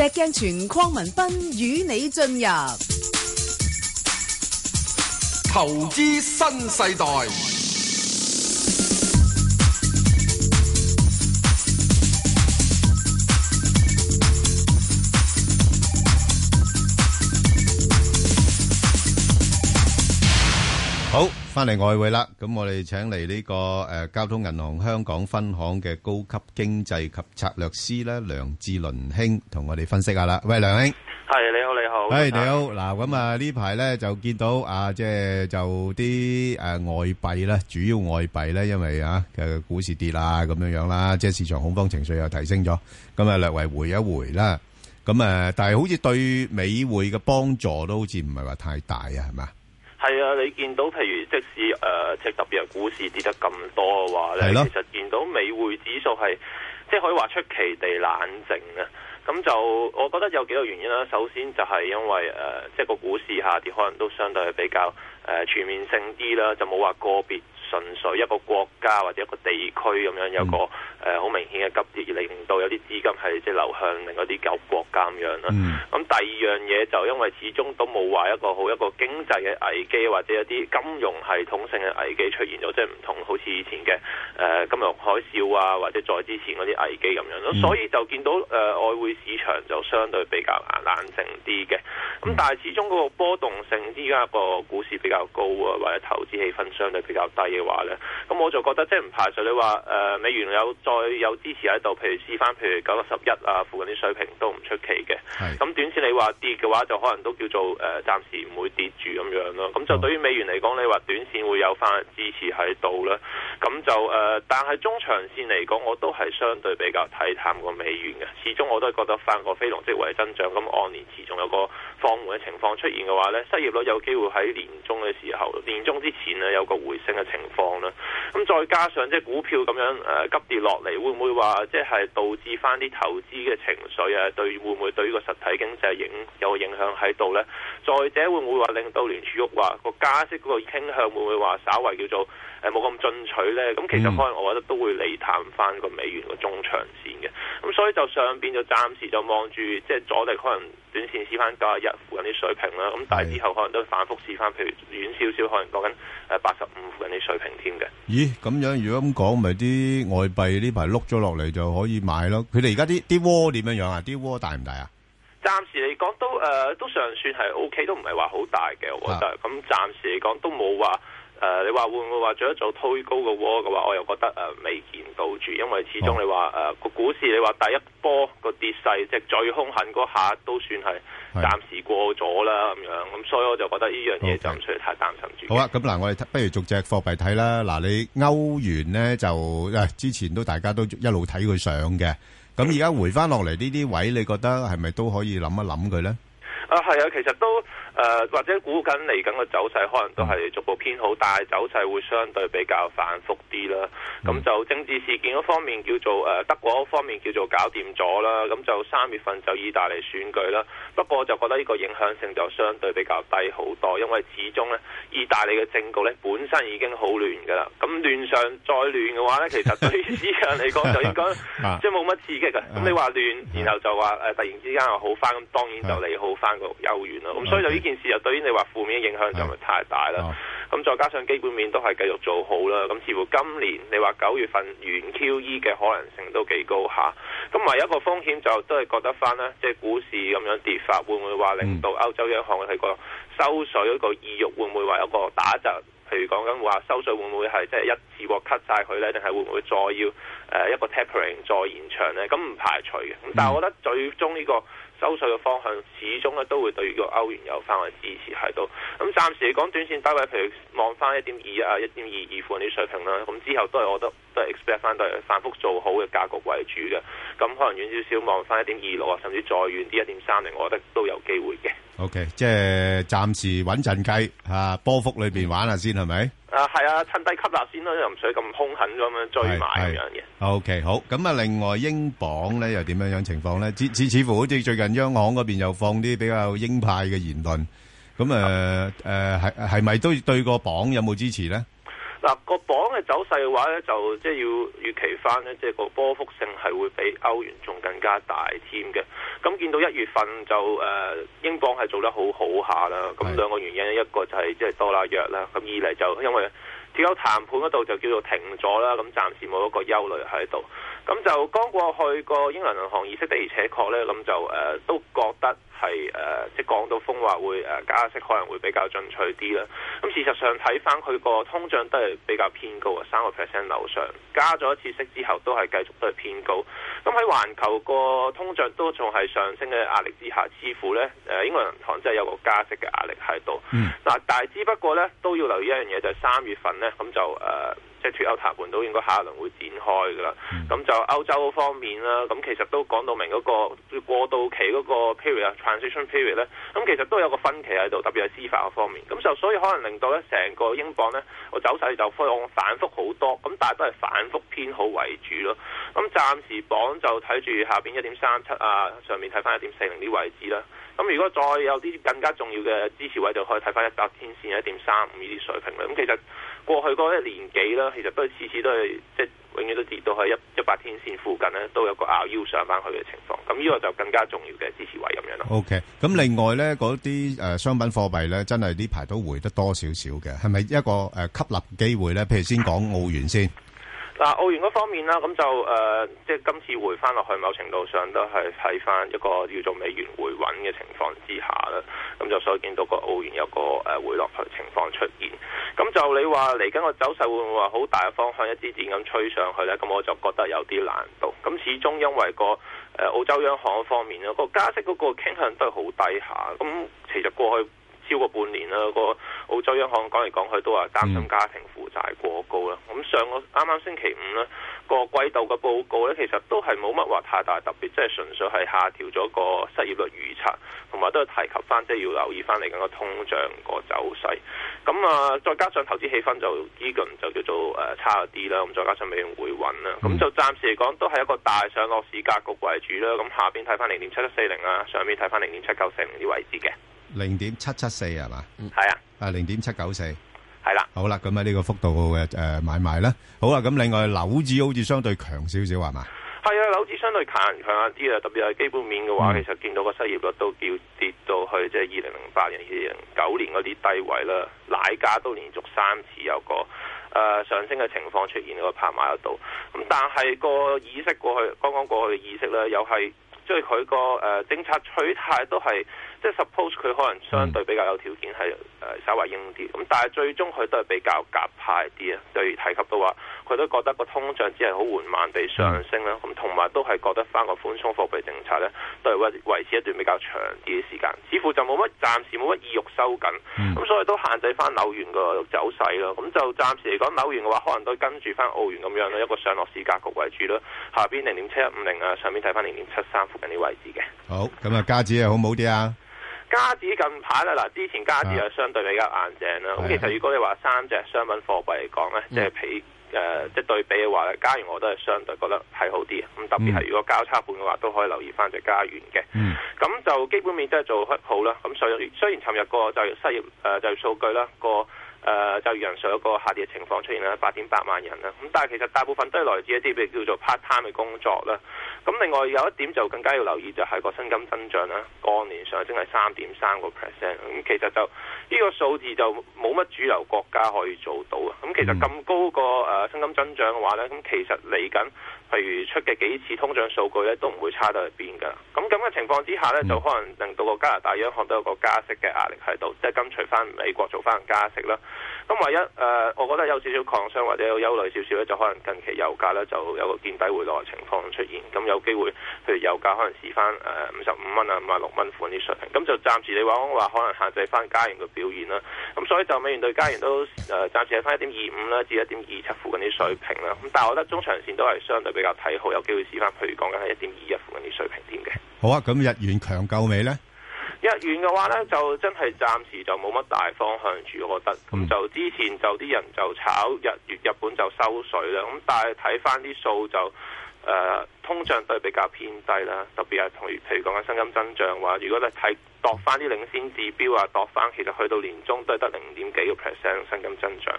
石鏡泉鄺文斌與你進入投資新世代。翻嚟外匯啦，咁我哋請嚟呢個誒交通銀行香港分行嘅高級經濟及策略師咧梁志麟兄同我哋分析下啦。喂，梁兄，係你好，你好，係你好。嗱，咁啊呢排咧就見到啊，即係就啲誒外幣咧，主要外幣咧，因為啊誒股市跌啦，咁樣樣啦，即係市場恐慌情緒又提升咗，咁啊略為回一回啦。咁啊，但係好似對美匯嘅幫助都好似唔係話太大啊，係嘛？係啊，你見到譬如即使誒、呃，即係特別係股市跌得咁多嘅話咧，你其實見到美匯指數係即係可以話出奇地冷靜啊。咁就我覺得有幾個原因啦。首先就係因為誒、呃，即係個股市下跌可能都相對係比較誒、呃、全面性啲啦，就冇話個別。純粹一個國家或者一個地區咁樣有個誒好、嗯呃、明顯嘅急跌，而令到有啲資金係即係流向另一啲舊國家咁樣啦。咁、嗯、第二樣嘢就因為始終都冇話一個好一個經濟嘅危機或者一啲金融系統性嘅危機出現咗，即係唔同好似以前嘅誒、呃、金融海嘯啊或者再之前嗰啲危機咁樣。嗯、所以就見到誒、呃、外匯市場就相對比較冷靜啲嘅。咁但係始終嗰個波動性依家個股市比較高啊，或者投資氣氛相對比較低，嘅話咧，咁、嗯、我就覺得即係唔排除你話誒、呃、美元有再有支持喺度，譬如試翻譬如九十一啊附近啲水平都唔出奇嘅。咁是、嗯、短線你話跌嘅話，就可能都叫做誒暫、呃、時唔會跌住咁樣咯。咁就對於美元嚟講，你話短線會有翻支持喺度啦。咁就誒、呃，但係中長線嚟講，我都係相對比較睇淡過美元嘅。始終我都係覺得翻個非農職位增長咁按年持續有個放緩嘅情況出現嘅話咧，失業率有機會喺年中嘅時候，年中之前呢有個回升嘅情況。況啦，咁、嗯、再加上即係股票咁樣誒、呃、急跌落嚟，會唔會話即係導致翻啲投資嘅情緒啊？對，會唔會對呢個實體經濟影有影響喺度咧？再者，會唔會話令到聯儲局話個加息個傾向會唔會話稍為叫做？誒冇咁進取咧，咁其實可能我覺得都會嚟探翻個美元個中長線嘅，咁、嗯嗯、所以就上邊就暫時就望住，即、就、係、是、阻力可能短線試翻九十一附近啲水平啦。咁但係之後可能都反覆試翻，譬如遠少少可能講緊誒八十五附近啲水平添嘅。咦，咁樣如果咁講，咪啲外幣呢排碌咗落嚟就可以買咯。佢哋而家啲啲窩點樣樣啊？啲窩大唔大啊？暫時嚟講都誒、呃、都尚算係 O K，都唔係話好大嘅，我覺得。咁暫時嚟講都冇話。誒、呃，你話會唔會話做一做推高個波嘅話，我又覺得誒、呃、未見到住，因為始終你話誒個股市，你話第一波個跌勢即係最凶狠嗰下都算係暫時過咗啦咁樣，咁所以我就覺得呢樣嘢 Okay. 就唔需要太擔心住。好啊，咁嗱，我哋不如逐隻貨幣睇啦。嗱，你歐元咧就誒之前都大家都一路睇佢上嘅，咁而家回翻落嚟呢啲位，你覺得係咪都可以諗一諗佢咧？啊，係啊，其實都誒、呃，或者估緊嚟緊嘅走勢，可能都係逐步偏好，但係走勢會相對比較反覆啲啦。咁、嗯、就政治事件嗰方面叫做誒、呃、德國嗰方面叫做搞掂咗啦。咁就三月份就意大利選舉啦。不過我就覺得呢個影響性就相對比較低好多，因為始終咧意大利嘅政局呢本身已經好亂㗎啦。咁亂上再亂嘅話呢，其實對於市場嚟講就應該 即係冇乜刺激㗎。咁你話亂，然後就話誒、呃、突然之間又好翻，咁當然就你好翻。 悠遠啦，咁、嗯、所以就呢件事就對於你話負面影響就唔太大啦、嗯。咁、嗯、再加上基本面都係繼續做好啦，咁似乎今年你話九月份完 QE 嘅可能性都幾高下。咁、啊、唯一個風險就都係覺得翻呢，即係股市咁樣跌法，會唔會話令到歐洲央行佢個收水嗰個意欲，會唔會話有個打折？譬如講緊話收水會會，會唔會係即係一次過 cut 晒佢呢？定係會唔會再要誒、呃、一個 tapering 再延長呢？咁唔排除嘅。咁但係我覺得最終呢、呢個。收稅嘅方向，始終咧都會對個歐元有返去支持喺度。咁暫時嚟講，短線低位，譬如望翻一點二一啊、一點二二附近啲水平啦。咁之後都係我覺得都係 expect 翻都係反覆做好嘅格局為主嘅。咁可能遠少少望翻一點二六啊，甚至再遠啲一點三零，30，我覺得都有機會嘅。OK，即係暫時穩陣計嚇，波幅裏邊玩下先係咪？啊，係啊，趁低吸納先咯，又唔使咁凶狠咁樣追買咁樣嘅。OK，好，咁啊。另外，英鎊咧又點樣樣情況咧？似似似乎好似最近央行嗰邊又放啲比較鷹派嘅言論，咁誒誒，係係咪都對個鎊有冇支持咧？嗱個鎊嘅走勢嘅話咧，就即係要預期翻咧，即係個波幅性係會比歐元仲更加大添嘅。咁見到一月份就誒、呃，英鎊係做得好好下啦。咁兩個原因，一個就係即係多拉約啦，咁二嚟就因為脫歐談判嗰度就叫做停咗啦，咁暫時冇一個憂慮喺度。咁就剛過去個英倫銀行意識的而且確咧，咁就誒、呃、都覺得。係誒、呃，即係講到風話會誒、呃、加息，可能會比較進取啲啦。咁、嗯、事實上睇翻佢個通脹都係比較偏高啊，三個 percent 樓上加咗一次息之後，都係繼續都係偏高。咁喺環球個通脹都仲係上升嘅壓力之下，似乎呢誒、呃、英國銀行真係有個加息嘅壓力喺度。嗱，但係只不過呢都要留意一樣嘢，就係、是、三月份呢，咁、嗯、就誒。呃即係脫歐談判都應該下一輪會展開㗎啦，咁就歐洲方面啦，咁其實都講到明嗰個過渡期嗰個 period 啊，transition period 咧，咁其實都有個分歧喺度，特別係司法嗰方面，咁就所以可能令到咧成個英鎊咧，我走勢就反覆好多，咁但係都係反覆偏好為主咯。咁暫時榜就睇住下邊一點三七啊，上面睇翻一點四零啲位置啦。咁如果再有啲更加重要嘅支持位，就可以睇翻一百天線一點三五呢啲水平啦。咁其實。過去嗰一年幾咧，其實都次次都係即係永遠都跌到喺一一百天線附近咧，都有個拗腰上返去嘅情況。咁呢個就更加重要嘅支持位咁樣咯。OK，咁另外呢，嗰啲誒商品貨幣呢，真係呢排都回得多少少嘅，係咪一個誒吸納機會呢？譬如先講澳元先。嗱澳元嗰方面啦，咁就誒、呃、即係今次回翻落去，某程度上都係睇翻一個叫做美元回穩嘅情況之下啦。咁就所以見到個澳元有個誒回落去情況出現，咁就你話嚟緊個走勢會唔會話好大嘅方向一枝箭咁吹上去咧？咁我就覺得有啲難度。咁始終因為個誒澳洲央行方面咧，個加息嗰個傾向都係好低下。咁其實過去超過半年啦，個澳洲央行講嚟講去都話擔心家庭負債過高啦。咁、嗯、上個啱啱星期五呢、呢個季度嘅報告呢，其實都係冇乜話太大特別，即係純粹係下調咗個失業率預測，同埋都係提及翻即係要留意翻嚟緊個通脹個走勢。咁啊，再加上投資氣氛就依個就叫做誒、呃、差咗啲啦。咁再加上美元回穩啦，咁、嗯、就暫時嚟講都係一個大上落市格局為主啦。咁下邊睇翻零點七七四零啊，上面睇翻零點七九四零啲位置嘅。零點七七四係嘛？係啊，啊零點七九四，係啦。啊、好啦，咁啊呢個幅度嘅誒、呃、買賣咧，好啊。咁另外樓子好似相對強少少，係嘛？係啊，樓子相對強強一啲啊，特別係基本面嘅話，啊、其實見到個失業率都叫跌，跌到去即係二零零八年至九年嗰啲低位啦，奶價都連續三次有個誒、呃、上升嘅情況出現嗰個拍賣到咁，但係個議息過去，剛剛過去嘅議息咧，又係即係佢個誒政策取態都係。即係 suppose 佢可能相對比較有條件係誒、呃、稍微鷹啲，咁但係最終佢都係比較鴿派啲啊。對提及到話，佢都覺得個通脹只係好緩慢地上升啦，咁、就是啊、同埋都係覺得翻個寬鬆貨幣政策咧，都係維維持一段比較長啲嘅時間，似乎就冇乜暫時冇乜意欲收緊。咁、嗯啊、所以都限制翻紐元個走勢咯。咁、嗯、就暫時嚟講，紐元嘅話可能都跟住翻澳元咁樣啦，一個上落市格局為主咯。下邊零點七一五零啊，上邊睇翻零點七三附近啲位置嘅。好，咁啊家姐啊好冇啲啊？加子近排咧，嗱之前加子又相對比較硬淨啦。咁的其實如果你話三隻商品貨幣嚟講咧，即係的比誒即係對比嘅話咧，加元我都係相對覺得係好啲。咁特別係如果交叉盤嘅話，都可以留意返隻加元嘅。咁的就基本面真係做得好啦。咁雖雖然尋日個就失業誒、呃、就業數據啦個。誒、呃、就業人數有個下跌嘅情況出現啦，八點八萬人啦。咁但係其實大部分都係來自一啲叫做 part time 嘅工作啦。咁另外有一點就更加要留意就係、是、個薪金增長啦，過年上升係三點三個 percent。咁、嗯、其實就呢、這個數字就冇乜主流國家可以做到嘅。咁其實咁高個誒薪、嗯啊、金增長嘅話呢，咁其實嚟緊譬如出嘅幾次通脹數據呢，都唔會差到去邊㗎。咁咁嘅情況之下呢，嗯、就可能令到個加拿大央行都有個加息嘅壓力喺度，即係跟隨翻美國做翻加息啦。咁，唯、嗯、一誒、呃，我覺得有少少擴張或者有憂慮少少咧，就可能近期油價咧就有個見底回落嘅情況出現。咁、嗯、有機會，譬如油價可能試翻誒五十五蚊啊、五十六蚊附近啲水平。咁、嗯、就暫時你講話可能限制翻加元嘅表現啦。咁、嗯、所以就美元對加元都誒暫、呃、時喺翻一點二五啦，至一點二七附近啲水平啦。咁、嗯、但係我覺得中長線都係相對比較睇好，有機會試翻，譬如講緊係一點二一附近啲水平點嘅。好啊，咁日元強救未咧？日元嘅話呢，就真係暫時就冇乜大方向住，我覺得。咁就之前就啲人就炒日元，日本就收水啦。咁但係睇翻啲數就，誒、呃，通脹都係比較偏低啦。特別係同，譬如講緊薪金增長話，如果你睇。落翻啲領先指標啊，落翻其實去到年終都係得零點幾個 percent 薪金增長，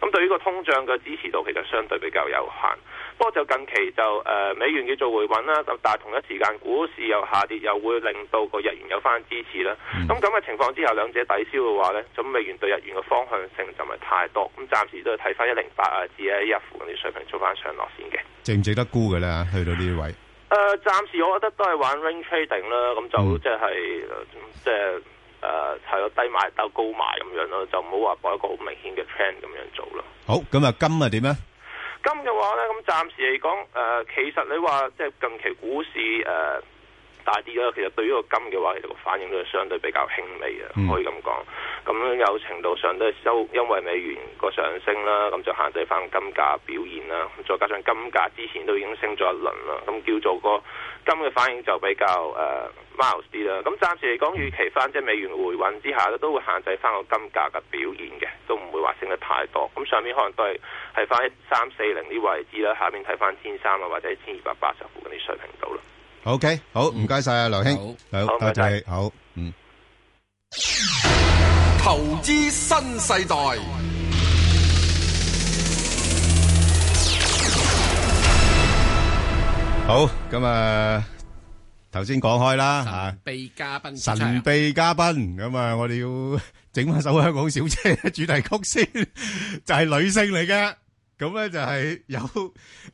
咁對於個通脹嘅支持度其實相對比較有限。嗯、值不過就近期就誒美元要做回穩啦，但係同一時間股市又下跌，又會令到個日元有翻支持啦。咁咁嘅情況之下，兩者抵消嘅話呢，咁美元對日元嘅方向性就唔係太多。咁暫時都係睇翻一零八啊，至喺一附近啲水平做翻上落先嘅，值唔值得沽嘅咧？去到呢位。誒，暫時我覺得都係玩 range trading 啦，就是，咁、oh. 呃、就即係，即係誒，係個低買斗高買咁樣咯，就唔好話播一個好明顯嘅 trend 咁樣做咯。好，咁啊金係點咧？金嘅話咧，咁暫時嚟講，誒、呃，其實你話即係近期股市誒。呃大啲啦，其實對於個金嘅話，其實個反應都係相對比較輕微嘅，可以咁講。咁、嗯、有程度上都係受因為美元個上升啦，咁就限制翻金價表現啦。再加上金價之前都已經升咗一輪啦，咁叫做個金嘅反應就比較誒 mild 啲啦。咁、uh, 暫時嚟講，預期翻即係美元回穩之下咧，都會限制翻個金價嘅表現嘅，都唔會話升得太多。咁上面可能都係係翻三四零啲位置啦，下面睇翻千三啊或者一千二百八十附近啲水平度啦。O K，好，唔該晒啊，劉兄，好，多謝你，好，嗯，投資新世代，好，咁啊，頭先講開啦吓，神秘嘉賓，神秘嘉賓，咁啊，我哋要整翻首香港小姐主題曲先，就係女性嚟嘅。咁咧就係有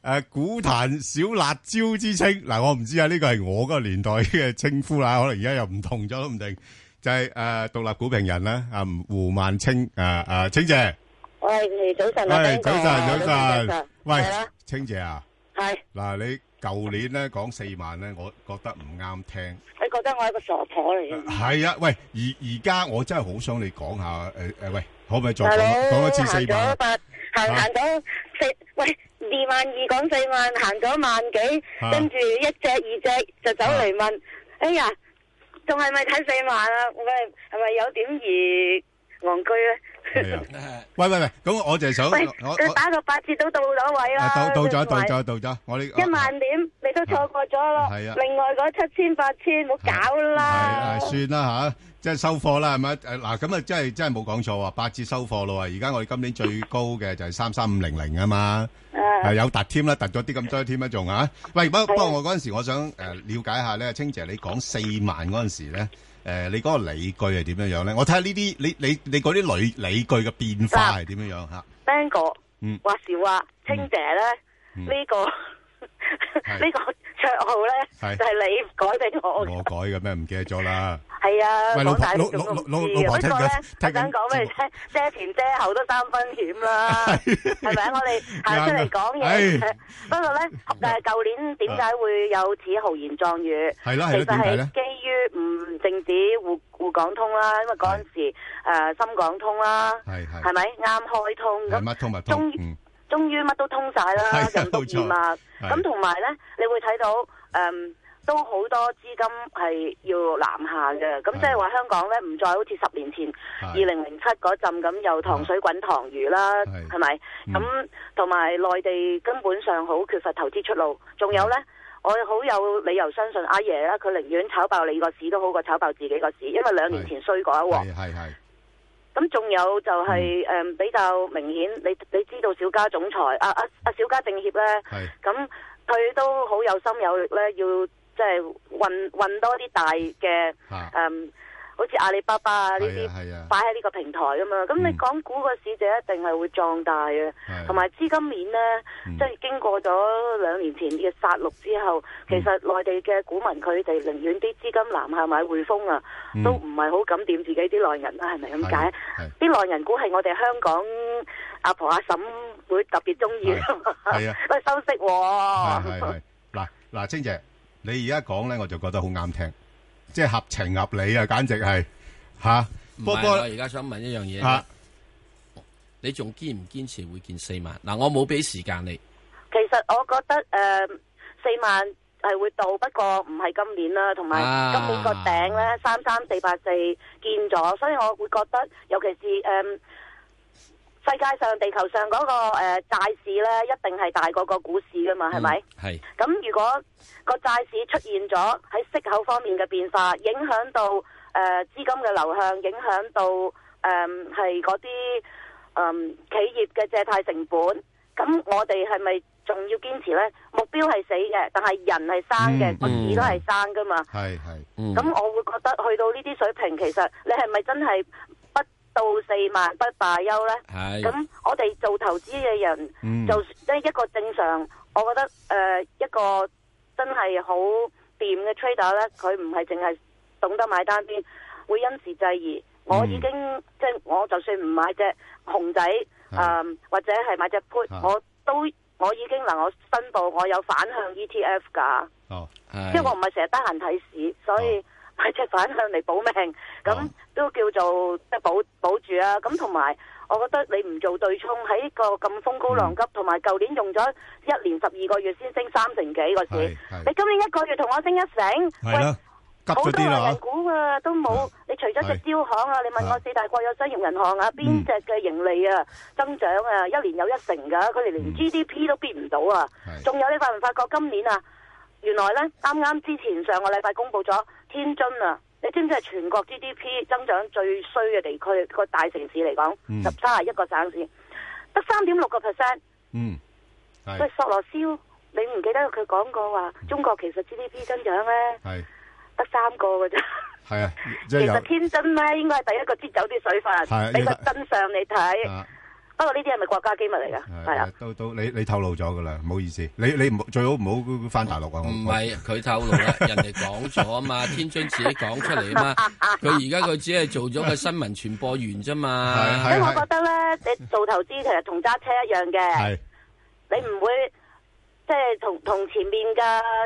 誒股壇小辣椒之稱嗱，我唔知啊呢個係我嗰個年代嘅稱呼啦，可能而家又唔同咗，都唔定就係誒獨立股評人啦，啊胡孟青，啊啊青姐，喂，早晨，早晨早晨，早晨，喂，青姐啊，係嗱你舊年咧講四萬咧，我覺得唔啱聽，你覺得我係個傻婆嚟嘅？係啊，喂而而家我真係好想你講下，誒誒喂，可唔可以再講講一次四萬？行行咗四，喂，二萬二講四萬，行咗萬幾，跟住、啊、一隻二隻就走嚟問，啊、哎呀，仲係咪睇四萬啊？唔係，係咪有點二戇居咧？喂喂喂，咁我就係想，打個八折都到咗位啦、啊，到到咗，到咗，到咗，我呢一萬點、啊、你都錯過咗咯，係啊，另外嗰七千八千冇搞啦，係、啊啊、算啦吓。啊即係收貨啦，係咪？誒，嗱，咁啊，真係真係冇講錯啊，八折收貨咯啊！而家我哋今年最高嘅就係三三五零零啊嘛，係有突添啦，突咗啲咁多添啊，仲吓？喂，不不過我嗰陣時，我想誒了解下咧，青姐你講四萬嗰陣時咧，誒，你嗰個理據係點樣樣咧？我睇下呢啲，你你你嗰啲理理據嘅變化係點樣樣吓？Bang 哥，嗯，話時話，青姐咧呢個呢個。綽號咧，係係你改俾我嘅，我改嘅咩？唔記得咗啦。係啊，喂，老婆，老婆，老婆，踢佢，踢佢，想講俾你聽，遮前遮後都三分險啦，係咪啊？我哋行出嚟講嘢，不過咧誒，舊年點解會有此豪言壯語？係啦，係啦，點解咧？其實係基於唔淨止滬滬港通啦，因為嗰陣時誒深港通啦，係係，係咪啱開通咁？通咪通咪通。終於乜都通晒啦，任督二脈咁同埋呢，你會睇到誒、嗯、都好多資金係要南下嘅，咁即係話香港呢，唔再好似十年前二零零七嗰陣咁又糖水滾糖漬啦，係咪？咁同埋內地根本上好缺乏投資出路，仲有呢， 我好有理由相信阿爺啦，佢寧願炒爆你個市都好過炒爆自己個市，因為兩年前衰過一鑊。咁仲有就係、是、誒、嗯、比較明顯，你你知道小家總裁啊啊啊小家政協咧，咁佢是都好有心有力咧，要即係運運多啲大嘅誒。是嗯好似阿里巴巴啊呢啲，擺喺呢個平台啊嘛，咁你港股個市就一定係會壯大嘅，同埋資金面咧，即係經過咗兩年前嘅殺戮之後，其實內地嘅股民佢哋寧願啲資金南下買匯豐啊，都唔係好敢掂自己啲內銀啦，係咪咁解？啲內銀股係我哋香港阿婆阿嬸會特別中意，喂收息喎。係係，嗱嗱，青姐，你而家講咧，我就覺得好啱聽。即係合情合理啊！簡直係嚇，啊、不，是不過我而家想問一樣嘢，啊、你仲堅唔堅持會見四萬？嗱、啊，我冇俾時間你。其實我覺得誒四、呃、萬係會到，不過唔係今年啦，同埋今年個頂咧三三四八四見咗，所以我會覺得，尤其是誒。呃世界上、地球上嗰、那個誒、呃、債市咧，一定係大過個股市噶嘛，係咪、嗯？係咁吧，如果個債市出現咗喺息口方面嘅變化，影響到誒呃、資金嘅流向，影響到誒係嗰啲誒企業嘅借貸成本，咁我哋係咪仲要堅持咧？目標係死嘅，但係人係生嘅，股市、嗯嗯、都係生噶嘛。係係、嗯。咁、嗯、我會覺得去到呢啲水平，其實你係咪真係。到四萬不罷休呢，咁是我哋做投資嘅人，就即係一個正常，我覺得誒、呃，一個真係好掂嘅 trader 呢，佢唔係淨係懂得買單邊，會因時制宜。我已經、嗯、即係我就算唔買隻熊仔是、呃，或者係買隻 put 我都我已經能夠申報我有反向 ETF 噶，即係、哦、我唔係成日得閒睇市，所以、哦。係隻反向嚟保命，咁都叫做即係保保住啊！咁同埋，我覺得你唔做對沖喺，個咁風高浪急，同埋舊年用咗一年十二個月先升三成幾個市，你今年一個月同我升一成，好多銀行股啊都冇，你除咗隻招行啊，你問我四大國有商業銀行啊，邊隻嘅盈利啊增長啊，一年有一成噶？佢哋連 GDP 都變唔到啊，仲有你發唔發覺今年啊，原來呢啱啱之前上個禮拜公布咗。天津啊，你知唔知係全國 GDP 增長最衰嘅地區？個大城市嚟講，嗯、十三啊一個省市，得三點六個 percent。嗯，喂，索羅斯，你唔記得佢講過話中國其實 GDP 增長咧，得是三個嘅啫。係啊，就是、其實天津咧，應該係第一個擠走啲水分，俾、啊、個真相、啊、你睇看。係不過呢啲係咪國家機密嚟噶？係啊，啊都都你你透露咗噶啦，唔好意思，你你唔最好唔好翻大陸啊！唔係佢透露啦，人哋講咗啊嘛，天津自己講出嚟啊嘛，佢而家佢只係做咗個新聞傳播員啫嘛。所以我覺得咧，你做投資其實同揸車一樣嘅，啊啊、你唔會即係同同前面嘅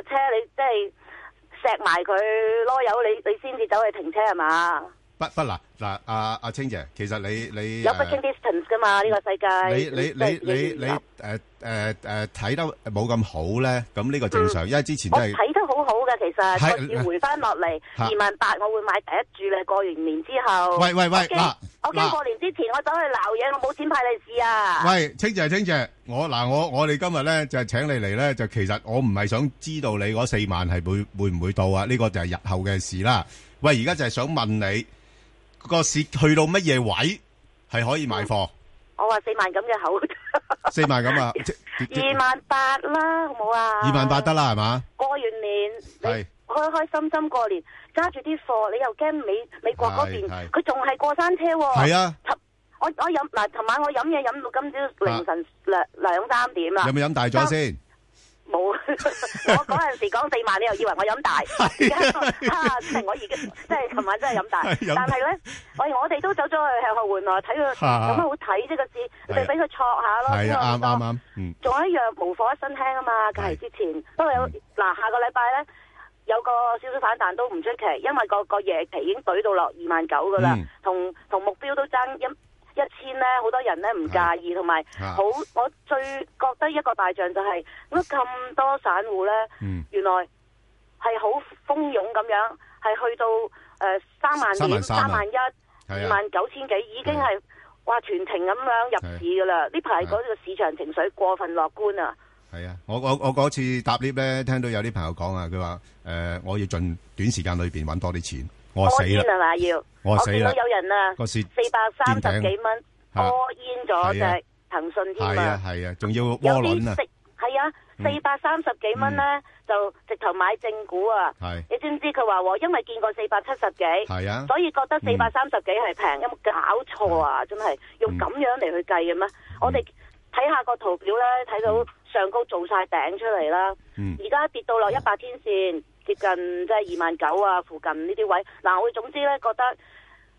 車，你即係錫埋佢囉柚，你你先至走去停車係嘛？不不嗱嗱阿阿青姐，其實你你有 braking distance 㗎嘛？呢個世界你你你你你誒誒誒睇得冇咁好咧，咁呢個正常，因為之前都係我睇得好好嘅，其實要回翻落嚟二萬八，我會買第一注咧。過完年之後，喂喂喂嗱，我驚過年之前我走去鬧嘢，我冇錢派利是啊！喂，青姐青姐，我嗱我我哋今日咧就係請你嚟咧，就其實我唔係想知道你嗰四萬係會會唔會到啊？呢個就係日後嘅事啦。喂，而家就係想問你。個市去到乜嘢位係可以買貨，嗯？我話四萬咁嘅口，四 萬咁啊，二萬八啦，好冇啊？二萬八得啦，係嘛？過完年，你開開心心過年，揸住啲貨，你又驚美美國嗰邊，佢仲係過山車喎。係啊，啊我我飲嗱，尋晚我飲嘢飲到今朝凌晨兩兩三點啊！有冇飲大咗先？冇， 我嗰陣時講四萬，你又以為我飲大？而家， 哈、 啊，我已經即係琴晚真係飲大。 但係咧呢，喂， 我哋都走咗去向後換內睇佢，有乜好睇啫個字， 你俾佢挫下咯。係啊， 啱啱啱。仲有一樣無火一身輕啊嘛，隔、就、日、是、之前都 有，嗱、啊，下個禮拜咧有個少少反彈都唔出奇，因為個個夜期已經懟到落二萬九噶啦，同同 目標都爭一。一千咧，好多人咧唔介意，同埋好，我最覺得一個大仗就係、是、咁多散戶咧，嗯、原來係好蜂擁咁樣，係去到誒三、呃、萬點、三萬一萬的、二萬九千幾，已經係哇的全程咁樣入市㗎啦！呢排嗰個市場情緒過分樂觀啊！係啊，我我我嗰次搭 lift 咧，聽到有啲朋友講啊，佢話誒我要盡短時間裏邊揾多啲錢。我死咪？要我見到有人啊，四百三十幾蚊，多煙咗隻騰訊添啊！係啊仲要窩輪啊！有啲直係啊，四百三十幾蚊咧就直頭買正股啊！係你知唔知佢話我因為見過四百七十幾，係啊，所以覺得四百三十幾係平，有冇搞錯啊！真係用咁樣嚟去計嘅咩？我哋睇下個圖表咧，睇到上高做晒頂出嚟啦，而家跌到落一百天線。接近即係二萬九啊，附近呢啲位，嗱、啊、我總之呢覺得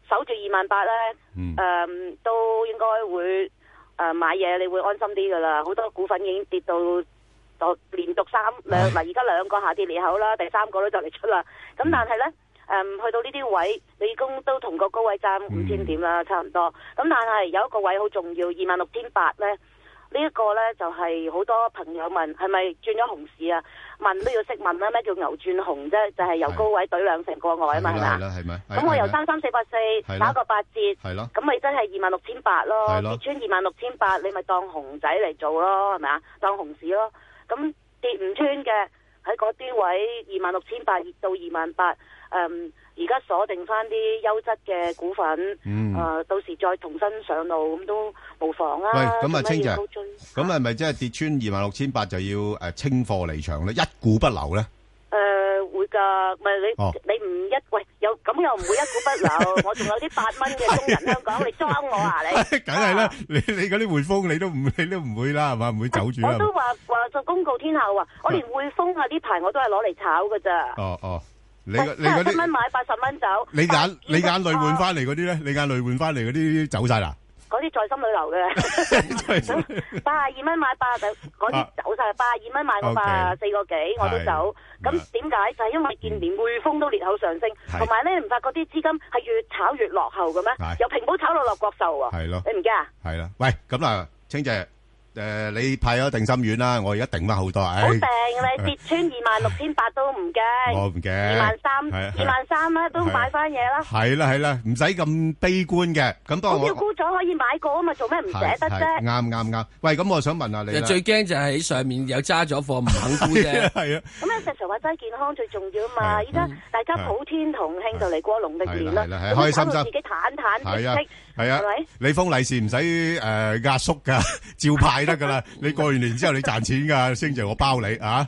守住二萬八呢，誒、嗯嗯、都應該會誒、呃、買嘢，你會安心啲噶啦。好多股份已經跌到就連續三兩，嗱而家兩個下跌裂口啦，第三個都就嚟出啦。咁但係呢，誒、嗯、去到呢啲位，你已經都同個高位差五千點啦，嗯、差唔多。咁但係有一個位好重要，二萬六千八呢，呢、這、一個呢就係、是、好多朋友問，係咪轉咗熊市啊？問都要識問啦，咩叫牛轉熊啫？就係、是、由高位懟兩成個外啊嘛，係咪？咁我由三三四八四打個八折，係的咯。咁咪真係二萬六千八咯，跌穿二萬六千八，你咪當熊仔嚟做咯，係咪啊？當熊市咯。咁跌唔穿嘅喺嗰啲位二萬六千八跌到二萬八，誒。而家鎖定翻啲優質嘅股份，啊，到時再重新上路咁都無妨啦。咁啊，清姐，咁係咪即係跌穿二萬六千八就要誒清貨離場咧？一股不留咧？誒會㗎，咪你你唔一喂，又咁又唔會一股不留，我仲有啲八蚊嘅工人香港你裝我啊！你梗係啦，你你嗰啲匯豐你都唔你都唔會啦，係嘛唔會走住。我都話話做公告天下話，我連匯豐啊呢排我都係攞嚟炒㗎咋！哦哦。你你嗰啲八廿二蚊買八十蚊走，你眼你眼淚換翻嚟嗰啲咧？你眼淚換翻嚟嗰啲走晒啦？嗰啲在心裏留嘅八廿二蚊買八廿九，嗰啲走晒。八廿二蚊買到八廿四個幾我都走。咁點解？就係因為見年匯豐都裂口上升，同埋咧唔發覺啲資金係越炒越落後嘅咩？由平保炒到落國壽喎，係咯？你唔驚啊？係啦，喂，咁啦，青姐。誒，你派咗定心丸啦，我而家定翻好多，好定咧，跌穿二萬六千八都唔驚，二萬三二萬三咧都買翻嘢啦，係啦係啦，唔使咁悲觀嘅，咁不過我，只要沽咗可以買過啊嘛，做咩唔捨得啫？啱啱啱，喂，咁我想問下你，最驚就係喺上面有揸咗貨唔肯沽啫，係啊，咁咧，食茶話齋健康最重要啊嘛，依家大家普天同慶就嚟過農曆年啦，開心啦，自己坦坦哋。係啊，你封利是唔使誒壓縮噶，照派得噶啦。你過完年之後你賺錢噶，升就我包你啊。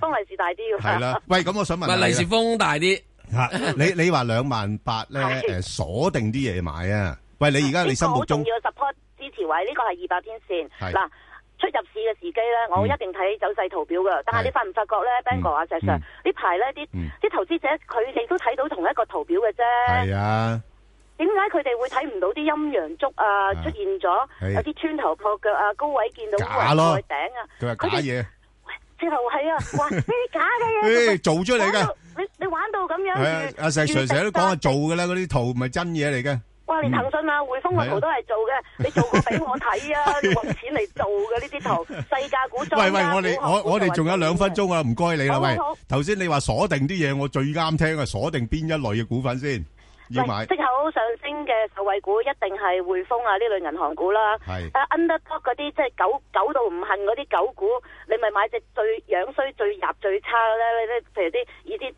封利是大啲要。係啦，喂，咁我想問，利是封大啲。吓，你你話兩萬八咧，誒，鎖定啲嘢買啊。喂，你而家你心目中要 support 支持位呢個係二百天線。嗱，出入市嘅時機咧，我一定睇走勢圖表噶。但係你發唔發覺咧，Bangor 阿石 Sir，呢排咧啲啲投資者佢哋都睇到同一個圖表嘅啫。係啊。點解佢哋會睇唔到啲陰陽燭啊？出現咗有啲穿頭破腳啊！高位見到外頂啊！佢話假嘢，直頭係啊！呢啲假嘅嘢做出嚟嘅，你你玩到咁樣阿石 Sir 成日都講啊，做嘅啦，嗰啲圖唔係真嘢嚟嘅。哇！連騰訊啊、匯豐個圖都係做嘅，你做過俾我睇啊！用錢嚟做嘅呢啲圖，世界股災啊！喂喂，我哋我我哋仲有兩分鐘啊！唔該你啦，喂，頭先你話鎖定啲嘢，我最啱聽啊！鎖定邊一類嘅股份先？唔係息口上升嘅受惠股，一定係匯豐啊呢類銀行股啦。係，underdog 嗰啲即係狗狗到唔恨嗰啲狗股，你咪買隻最樣衰、最入、最差咧咧，譬如啲以啲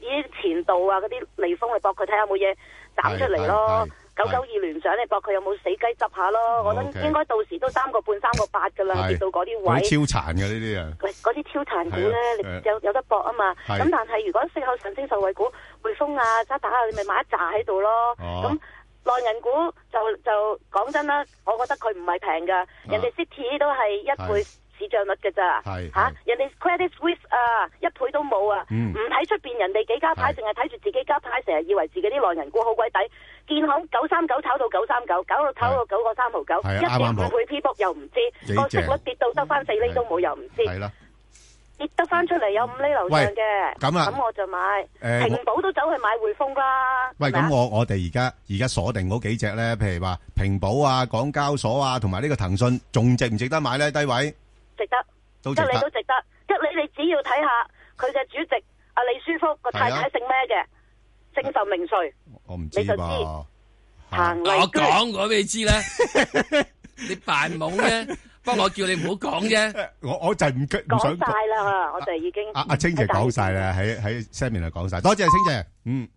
以啲前度啊嗰啲利豐嚟搏佢，睇下冇嘢斬出嚟咯。是九九二聯想你搏佢有冇死雞執下咯？我諗應該到時都三個半、三個八噶啦，跌 是到嗰啲位。超殘嘅呢啲啊！嗰啲超殘股咧，你有有得搏啊嘛。咁是但係如果息口上升受惠股，匯豐啊、渣打啊，你咪買一扎喺度咯。咁、哦、內銀股就就講真啦，我覺得佢唔係平噶，啊、人哋 City 都係一倍是。市賬率嘅咋吓人哋 credit swift 啊，一倍都冇啊，唔睇出面人哋幾家牌，淨係睇住自己家牌，成日以為自己啲內人股好鬼抵。建行九三九炒到九三九，九到炒到九個三毫九，一倍 P book 又唔知個息率跌到得返四厘都冇，又唔知跌得返出嚟有五厘樓上嘅咁啊，咁我就買。平保都走去買匯豐啦。喂，咁我我哋而家而家鎖定嗰幾隻咧，譬如話平保啊、港交所啊，同埋呢個騰訊仲值唔值得買咧？低位。值得，即係你都值得，即係你你只要睇下佢嘅主席阿李書福個太太姓咩嘅？姓陳名瑞，我唔知嘛，我講我俾你知咧，你扮懵咩？不過我叫你唔好講啫，我我陣間講晒啦，我就已經阿阿清姐講晒啦，喺喺 Sammy 嚟講晒，多謝清姐，嗯。